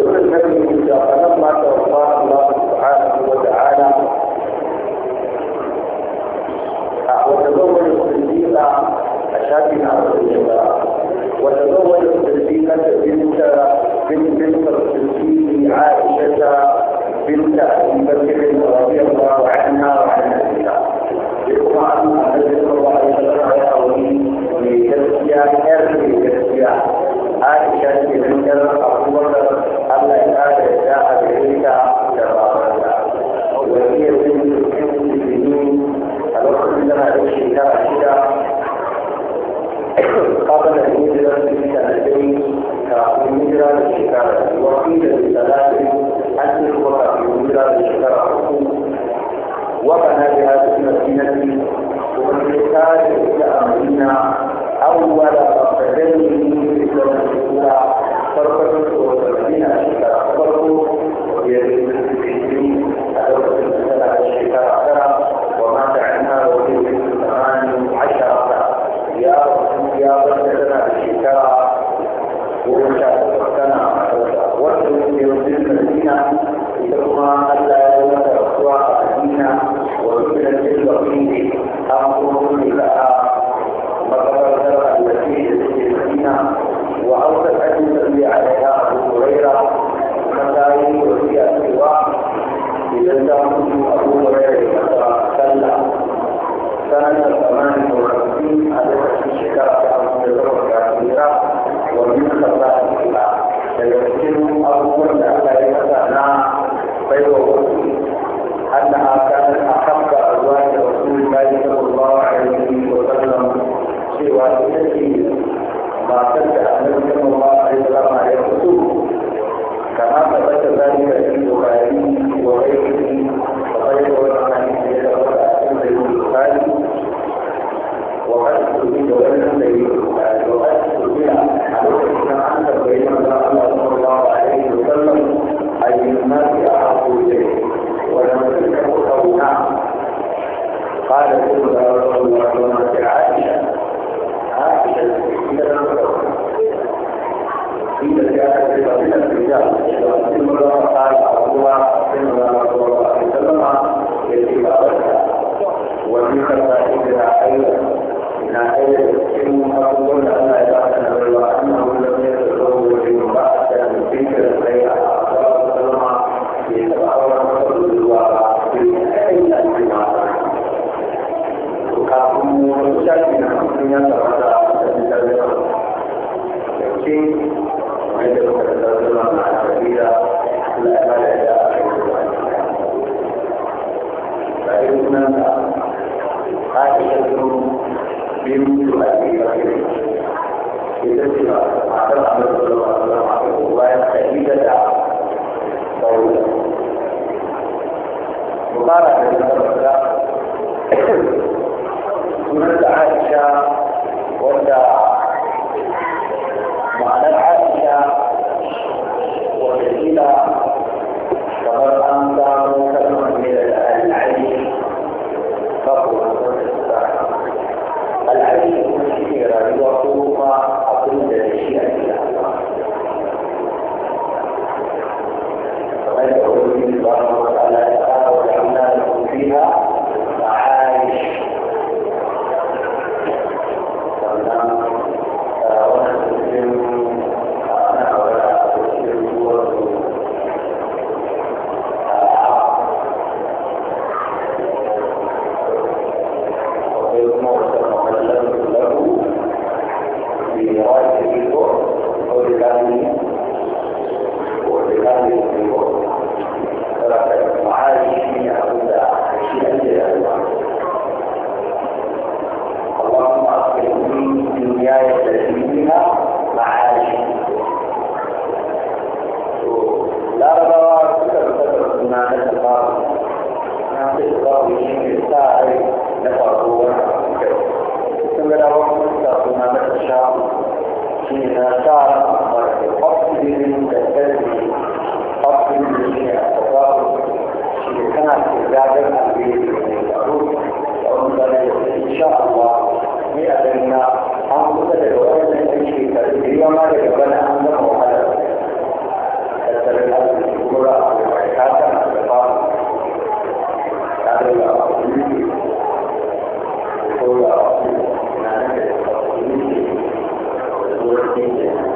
ويقول النبي إذا فلما توفاه الله سبحانه وتعالى وتزوج الصديقة أشادنا الصديقة وتزوج الصديقة بنت بنت بنت الصديق عائشة بنت أبي بكر رضي الله عنها وعن أبيها يقال أن النبي صلى الله عليه وسلم يأوي لتزكية كافر لتزكية عائشة بنت وقيل لثلاث أجل وقع يولى بشكر حكم وبنى بهذه المدينة ومن يحتاج إلى مدينة أول فرقتين من الإسلام الأولى فرقة المدينة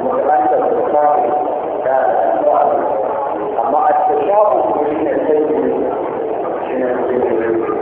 متأثر بالصاحب كان أما التشابه بين السيد من المسلمين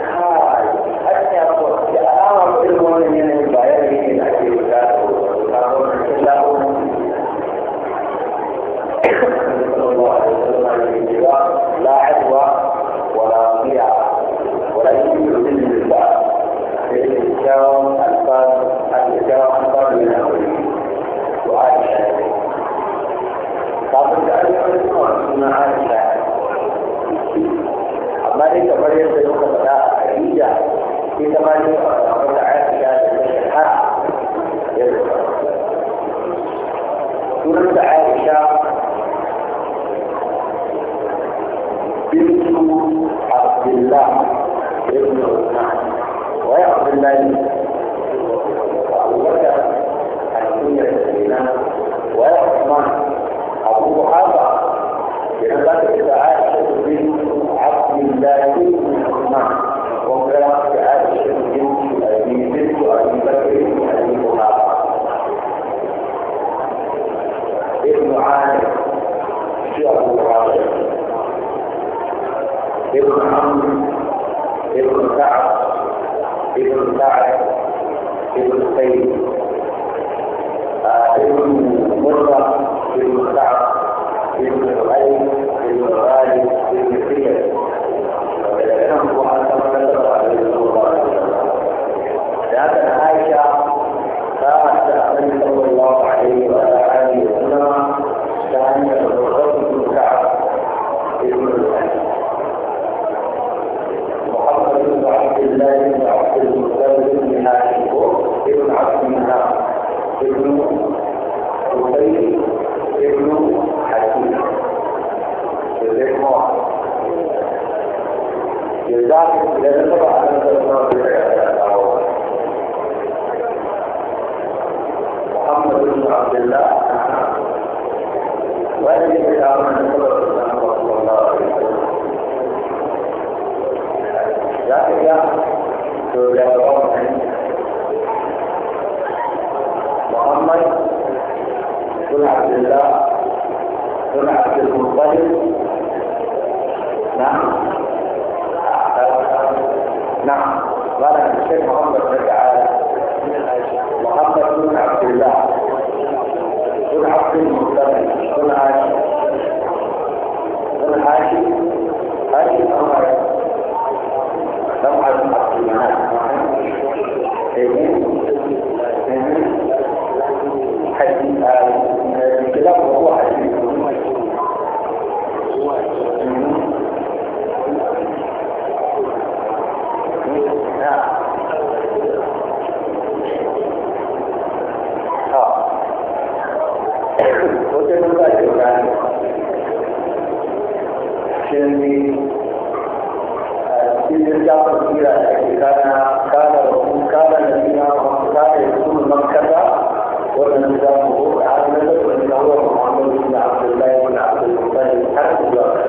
نظامه عمل وانه هو محمد بن عبد الله بن عبد المطلب حتى سورة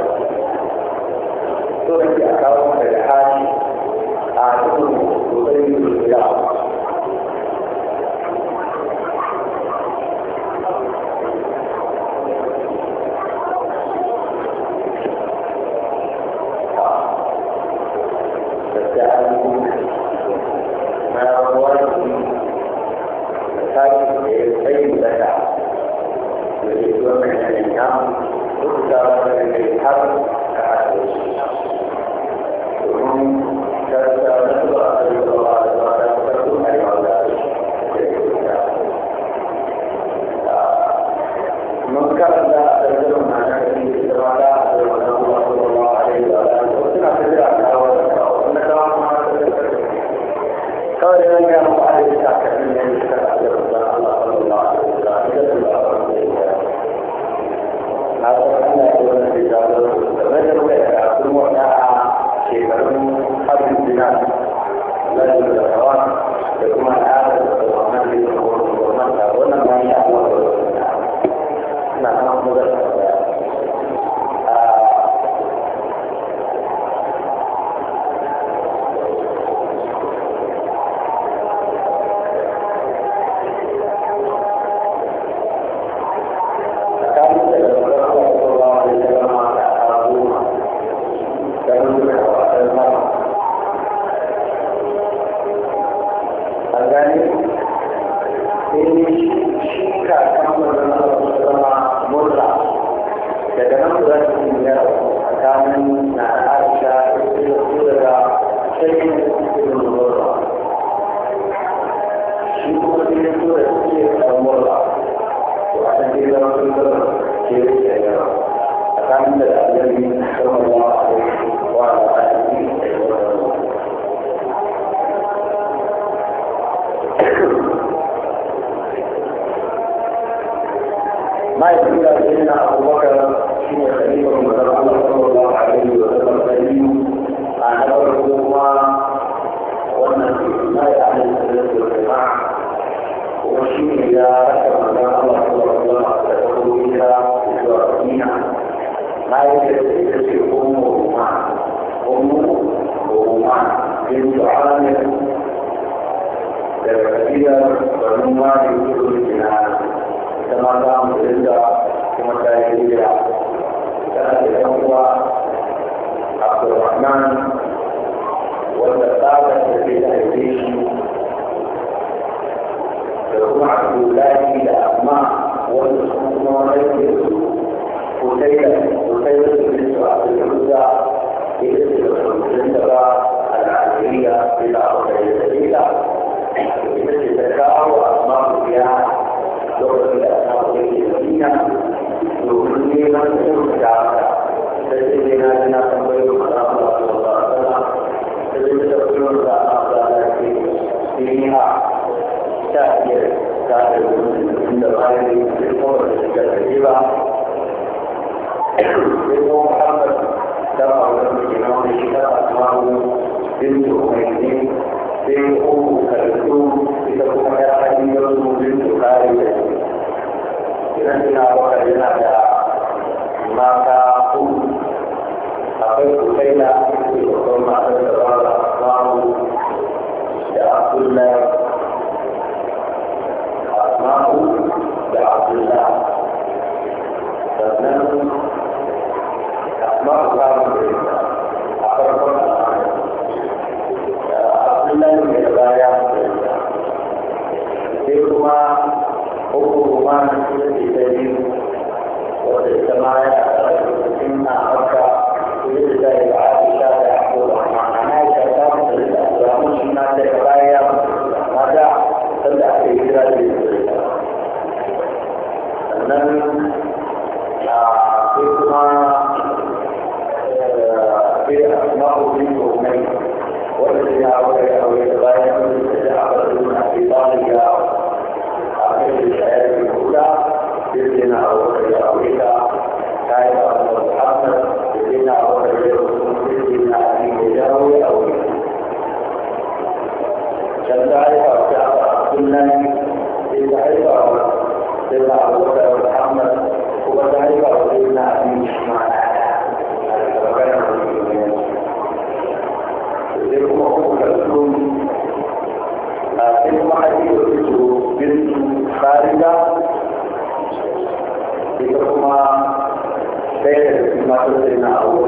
haka kan wannan zama murra daga nan za su yi ya tsakanin na aisha da su daga shakin irin murra shi kuma sai ya so da suke kan murra to a kan dai zama sun zama ke àkọ́kọ́ يعني بالامور الكثيره منه محمد بنت حميدين بين ام كلثوم لتكون حديثه بنت خالد لنفسنا وخلينا ما تقول أقول كيلا في حكم ما تتبع الأخبار عبد الله عبد الله فنان أسماء الله تلك حديث بنت خالدة تلك ما بين ما تدرنا أو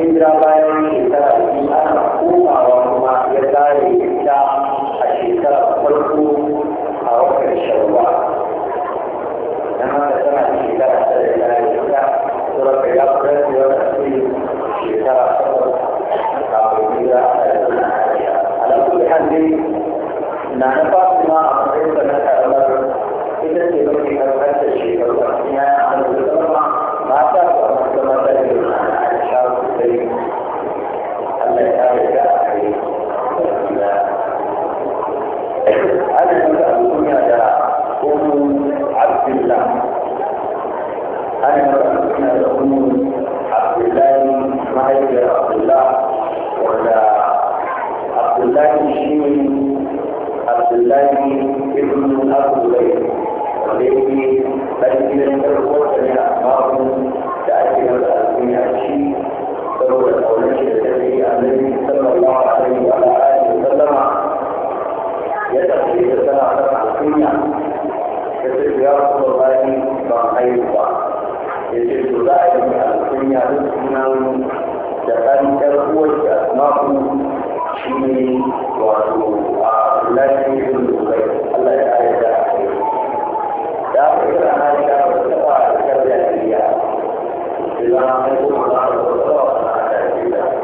hijira bayan shekara biyu ana komawa kuma ya tsare ita a shekara farko a watan shawwa dan haka tana shekara ta da ya shekara sura ka ya fara da wata shekara kafin hijira a alaƙulhan dai na na ya ce to za a yi da alkunya da da ɗan uwar da asma'u shi ne wato a lafiya da dubai Allah ya kare da da aka yi da hali da ba ta ba da karya da iya ila an kuma za a ba ta ba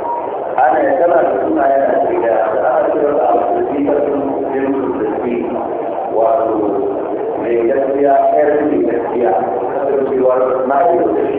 ana tana da sunaye was married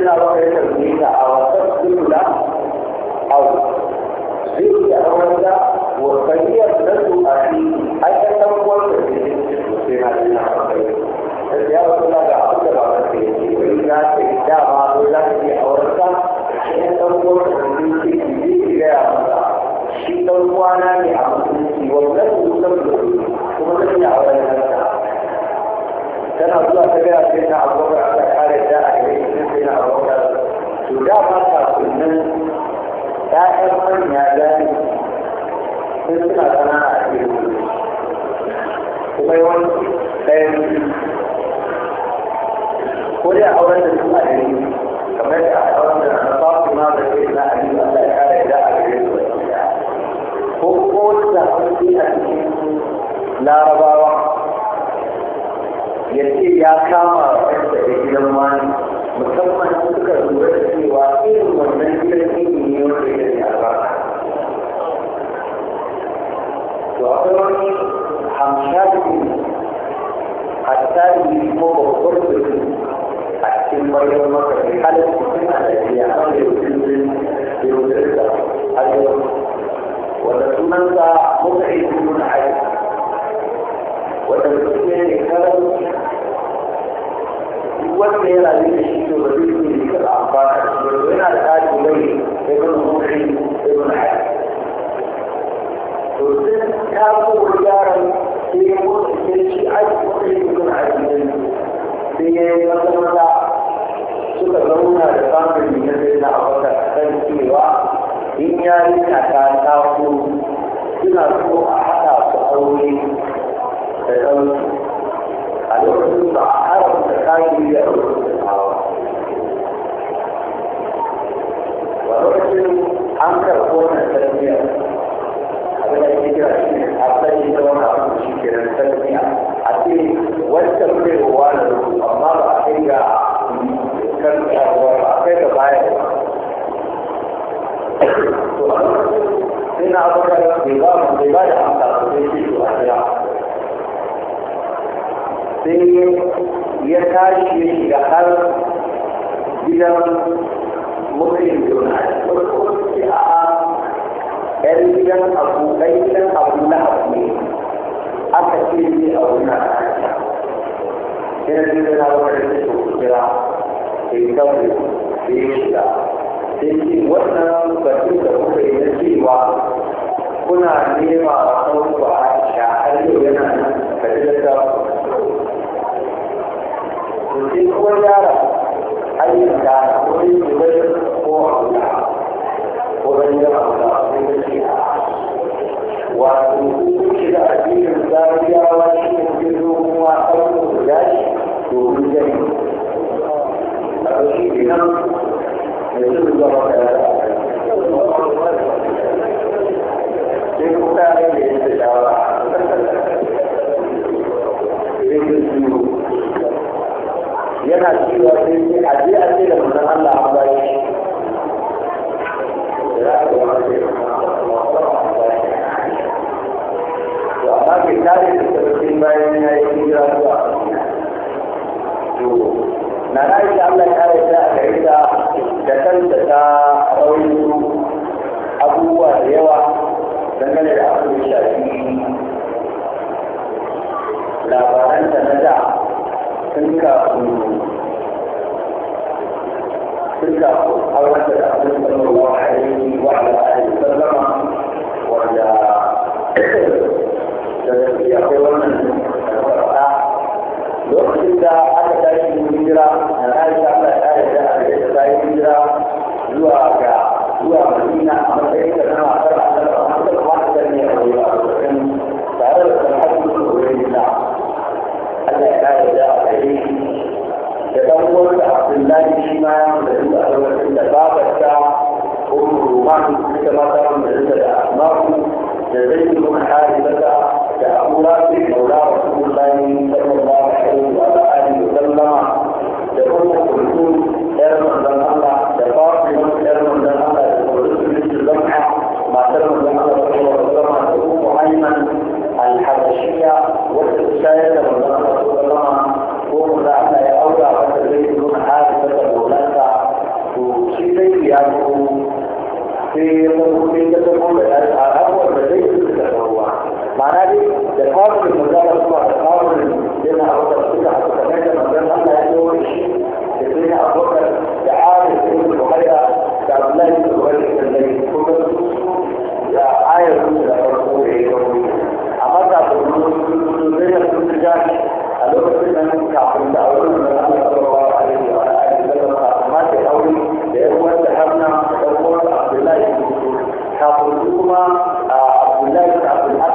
سيدنا بكر تلميذه او تسلم له او زيد اولاد وخير له اخيه حتى تقول سيدنا سيدنا بكر يا في الله عبد الله وإذا تجدى ما دولت في أورثة شيء تقول في جديد إلى أمرها شيء تقول أنا لأمرها وبلد تقول ثم تجدى أولادها tana zuwa ta gaya sai na abubakar ana kare da a gare shi sai na abubakar to da ma kafin nan ya'yan manya gani sai suna sana'a a cikin kuma yawan ɗayan ko dai a wurin da suna gari kamar da a wurin da na fasu ma da sai na abin da Allah ya kare da a gare su ko ko da hanci a cikin larabawa ya ce ya kama kansa da gidan wani musamman suka lura da cewa irin wannan gidan gini ne wanda ya ne albarka to akwai wani hamshafi hatta yi ko babbar birni a cikin bayan maka ne halin suna da biya a wani yankin da yau da wanda sunansa muka yi suna a وتنسيني كلام wanda yana yi da shi to ba zai yi da amfana da yana da tsari mai ibn mukhri ibn hayy to sai ta kowa yaran sai ya mutu sai shi ai mukhri ibn hayy sai ya yi maza suka zauna da family na sai na abakar kan cewa in yarinya ta taso suna so a haɗa su aure تكلم الأردن تعارف تكاين هي أردن العرب والأردن أنكر كون التنمية هذا الهجرة حتى يدون أن تشكر التنمية أتي والتنمية هو الله أخيرا كان أخيرا بايرا إن أبو بكر نظام نظام sai ya tashi ya shiga har gidan mutum juna a yan gidan abu ɗan gidan abu na abu ne aka ce ne abu na sai gidan na wani da su kira sai kawai sai ya shiga sai ce wannan batun da kuka yi na cewa kuna nema wa kanku a aisha har yau yana nan ka ji da shi ko yara ayyukan da wani wani ko abuwa ko wani da abuwa ko da shi wato shi da addinin zariyawa shi ne ke zo kuma aiki guda shi domin jari a ɗauki kenan yanzu da zama da yana cewa sai sai a je a ce da manzon Allah an bayi to amma bai tare da sabbin bayan ya yi hijira zuwa to na na yi Allah ya yi ta a yi ta da kanta ta rawaito abubuwa da yawa dangane da abin da shafi labaranta na da sun kafin تلك حركة النبي صلى الله عليه وعلى آله وسلم وعلى يقولون lokacin da aka tashi hijira na aisha Allah ya da aka tashi hijira zuwa ga zuwa Madina a matsayin da nawa كما تم عند الأحمر لزيد بن حارثة كأمرا مولى رسول الله صلى الله عليه وسلم تكون كلثوم حافظهما آه، عبد الله بن عبد الحق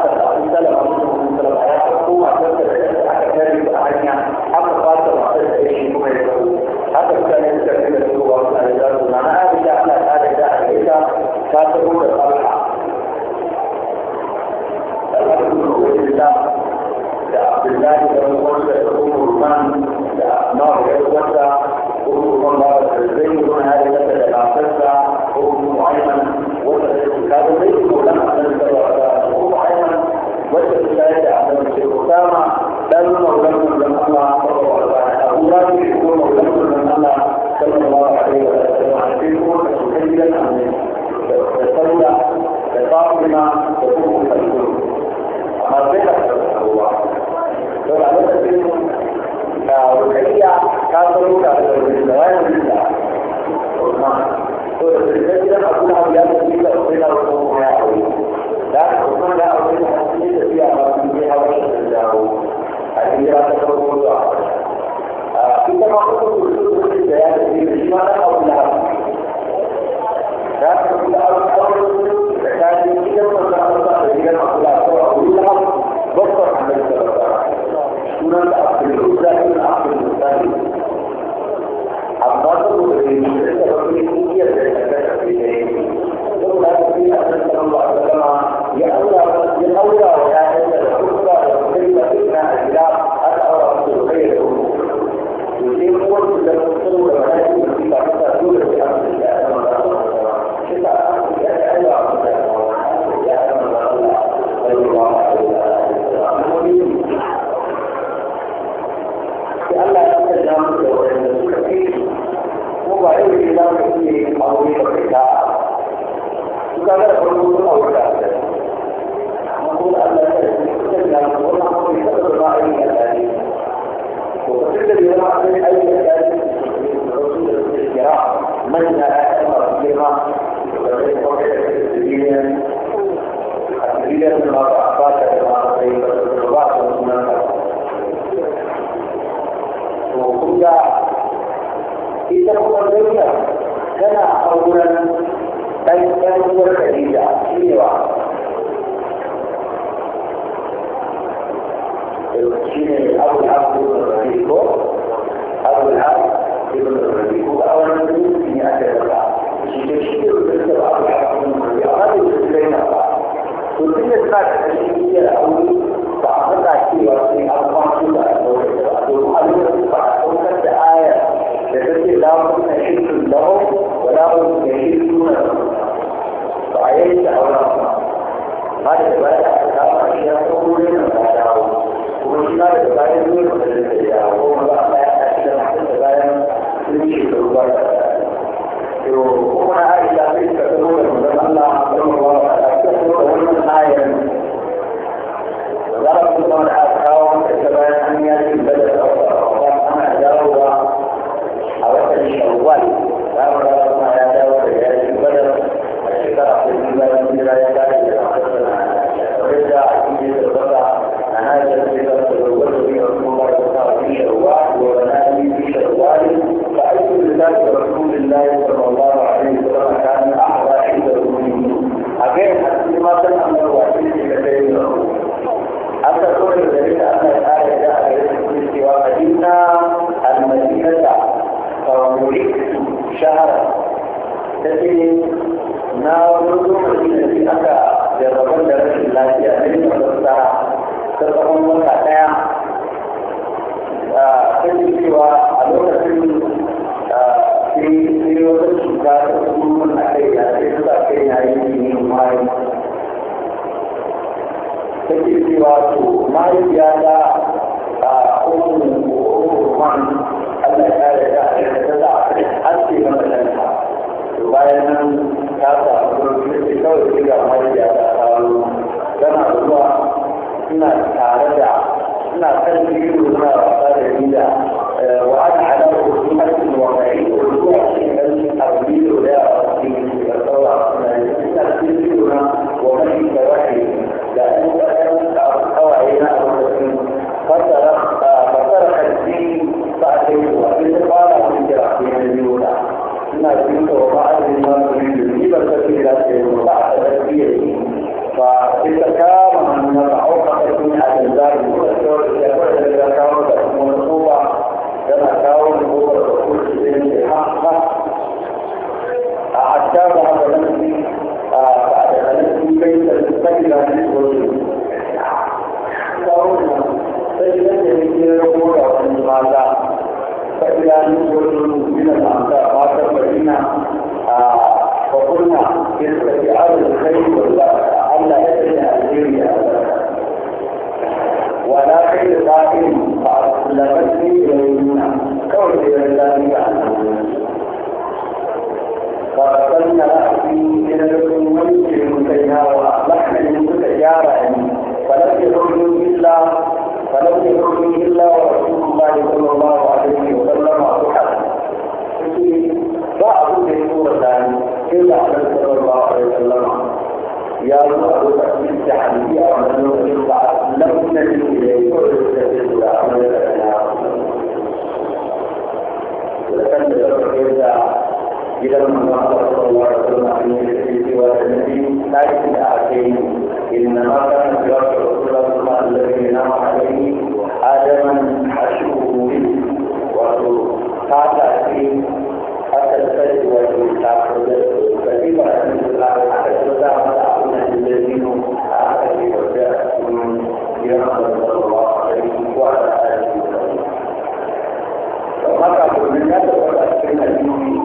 حتى بعد نفسي بعد تستجد عن الوجود فهنا تجد هي الأمور عن المعزى فإذا نزل من المعزى ما تفعلنا وقلنا باستجعال الخير والله ألا يجري أجري ولا خير قائم فأسلمتني إلينا كون إلى الله وارسلنا فيه من الامم المسيا واصلحنا المتجارة يعني. فلم يدخلوا الا فلم يدخلوا الا ورسول الله صلى الله عليه وسلم وصحبه بعض الدكتور الثاني يعني، الا صلى الله عليه وسلم يا رب تقديم تحدي أمنه إلا لم نجد إليه ويستفيد أمنه لكن لو كنت إذا ما الله صلى الله عليه وسلم عليه الحديث والنبي لا يتعافيه إنما كان فراش رسول الله الذي نام عليه آدما حشوه وقال فيه حتى الفجر والمتعفل فكيف أن الله حتى تدعم الأعلم الذين أعلم الله عليه وعلى آله وسلم ومكة من يدخل أسفل الدين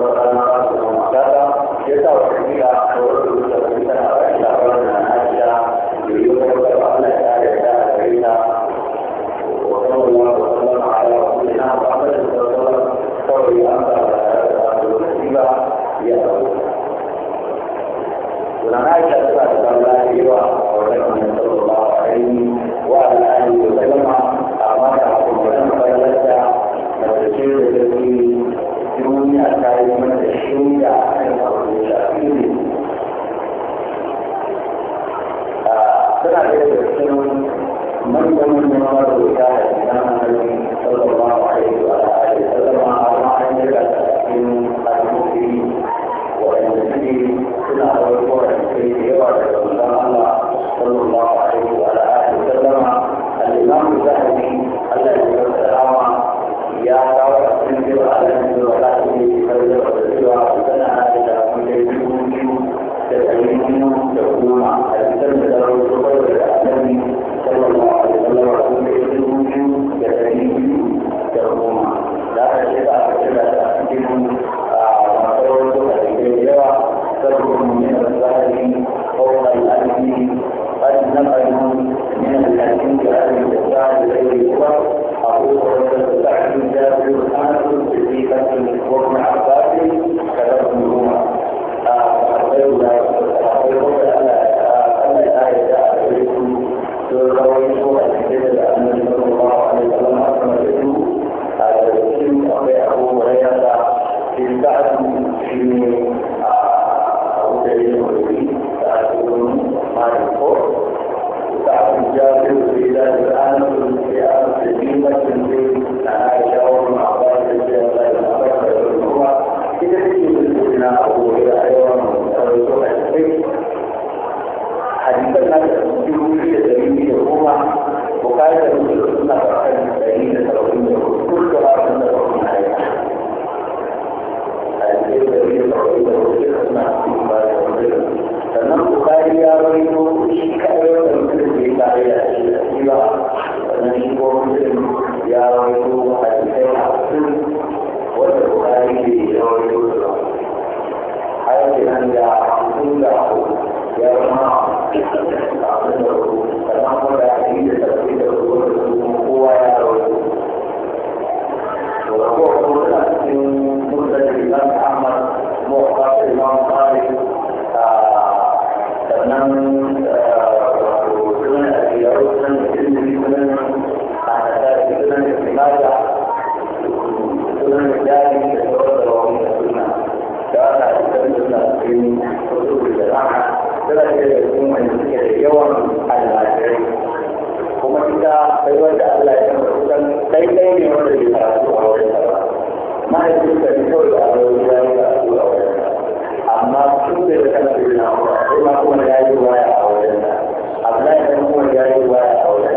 ne da kan su yana kuma kuma ya yi ruwa ya a wajen da abu da ya kuma ya yi ruwa ya a wajen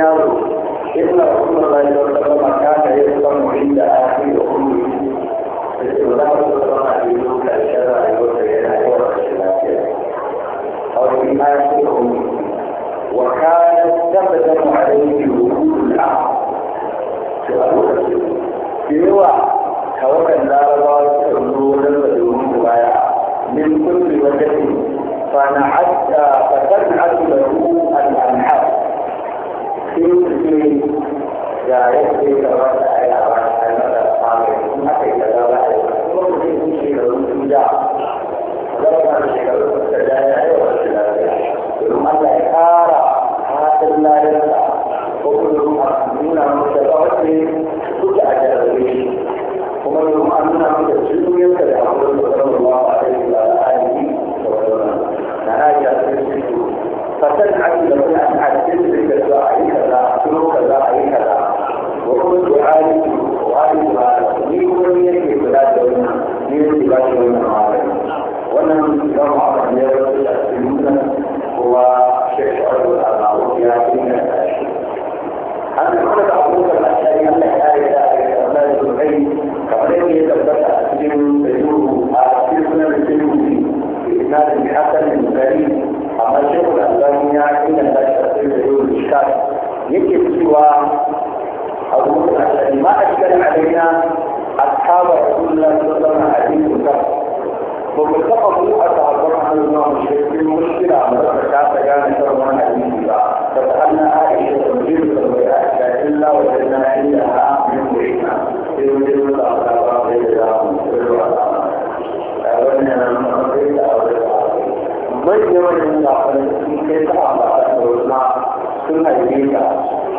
yaro ibn Abdullah يمكن سوى abu ما ashkal علينا أصحاب رسول الله صلى الله عليه وسلم وبالتقوا أصحابنا على الله في المشكلة على الزكاة كان سرمان عليه فسألنا عائشة تنزيل الزكاة إلا وجدنا عندها من بعيدنا في مدينة الأصحاب رضي الله عنه بين من يمكن أن يكون هناك sun haife ka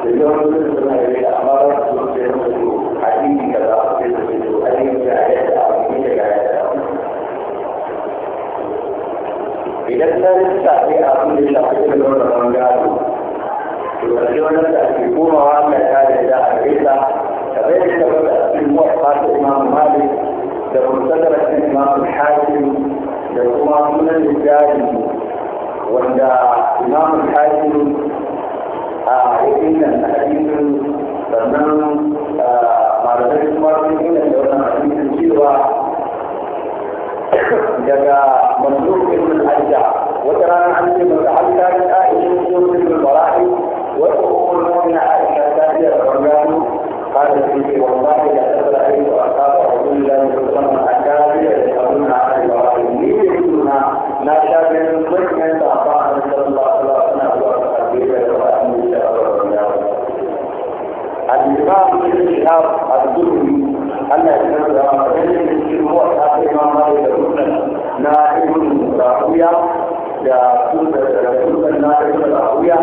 da yawan sun sun haife ka amma ba su sun sai masa to addini ka za su sai masa to addini ga yadda a wani da ga yadda idan ta rinta sai a sun da shafi da yawan da man gado to da yawan da ake komawa ka ta da da a gaisa ka bai da shafi da cikin muwafa ta imamu malik da mustadar imamu hakim da kuma sunan da jari wanda imamu hakim ya inganta hadisin sannan malamai kuma sun inganta wannan hadisin cewa daga manzo ibn al-ajja wata rana an ce masa an tare da aisha ko ibn al-barahi wata ummul mu'mina aisha ta ce da bangaro قال في والله لا تسأل وأصاب رسول الله صلى الله عليه وسلم أكابر يسألون عن البراء لا شك محمد بن شهاب الزهري أن الإمام هو أصحاب الإمام مالك المسلم نائب راهوية لسنة نائب راهوية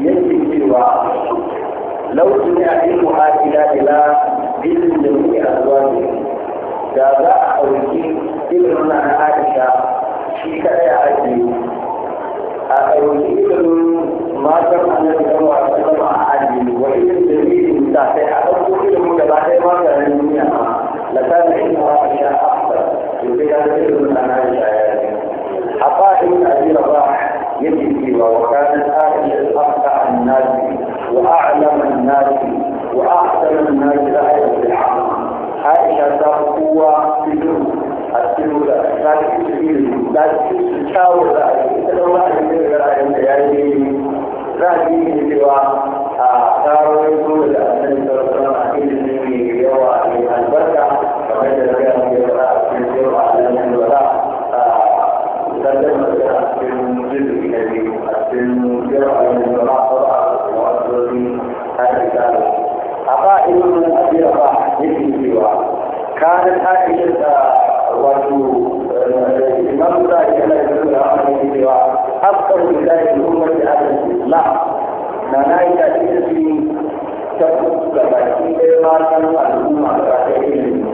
يجري سوى لو سمع علمها إلى إلى علم جميع أزواجه جاء أولي إلى أن عائشة شيكا يا أجلي a ɗauki ilimin matan annabi kan wasu kan a ajiye wa ilimin dalilin da sai a ɗauko ilimin da ba ta yi mata na duniya ma la ta da ilimin wa a sha afta to sai ya da ilimin da na yi shayar a fa'in abi raba yake cewa wa kanin aisha afta annasi wa a'lamu annasi wa ahsanu annasi ra'ayin bil haqq aisha ta kowa cikin a cikin da ta cikin da kyawun ra'ayi ita da ra'ayi ne ra'ayin da ya yi ra'ayi ne cewa a tsarin dole da annabi sallallahu alaihi wasallam a cikin ne yawa ne albarka kamar da zai yi yawa a cikin yawa a cikin yawa a sallan da a cikin jirgi na biyu a cikin yawa a cikin yawa a ba a cikin wasu a cikin a ba ilimin abin ba yake cewa kanin aikin da wato الإمام الثاني كما يقول عليه سوى أكثر بداية الأمة على الإسلام معناه تأثير في تفوق كبير إيمانا الأمة الرحيم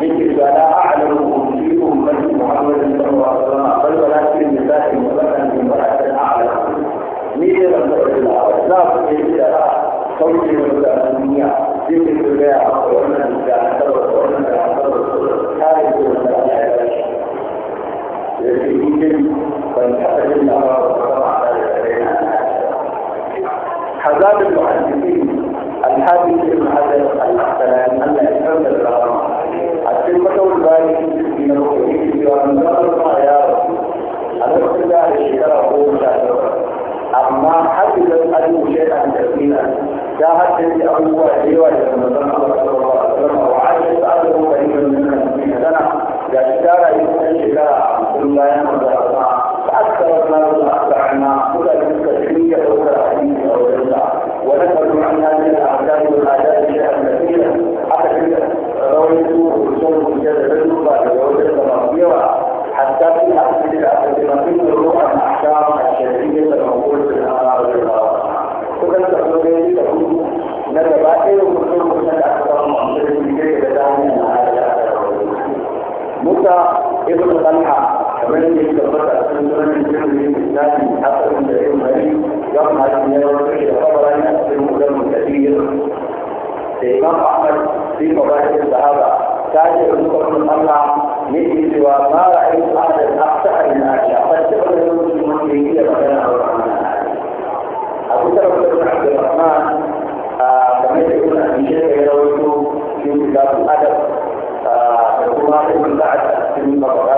ذكر ولا أعلم في أمة محمد صلى الله عليه وسلم بل ولكن لله مثلا من مرأة أعلم مين رسول الله لا بد أن توجه الدنيا ذكر الله وأن الجاهل وأن الجاهل kare su wanda Allah ya bashi da shi cikin ban taɓa jin labarin wata mata da ta raina حزام المحدثين الحادث ابن حجر الحسنان أن يكرم الرحمة الكلمة البالي من الوحيد وأن ذكر يا رسول أنا الله الشكر أقول أما حدثت أنه شيئا كثيرا جاءت تلك أبوه أيوة من الله صلى الله عليه وسلم وعجبت أنه قريبا منها yake magana ga shekara yi kusan shekara hamsin bayan madarasa ta aksara na zuwa sa'ana kuka suka shirya ɗaukar hadisi a wajensa wani karfi an yi da a kan da a da shi a aka shirya rawaito hoton hujjar da ابن طلحة كمان يتكبر أسلم من الجهد الإسلام حتى من دعيم مريم جمع الدنيا خبرا أسلم دم كثير الإمام أحمد في مباحث الصحابة تاجر بن الله مثل سوى ما رأيت أحدا أخطأ من عائشة قد تقول المسلمين هي مكان أبو بكر بن عبد الرحمن آه، كما يقول أبي شيخ يرويه في كتاب الأدب وكما يقول بعد pagar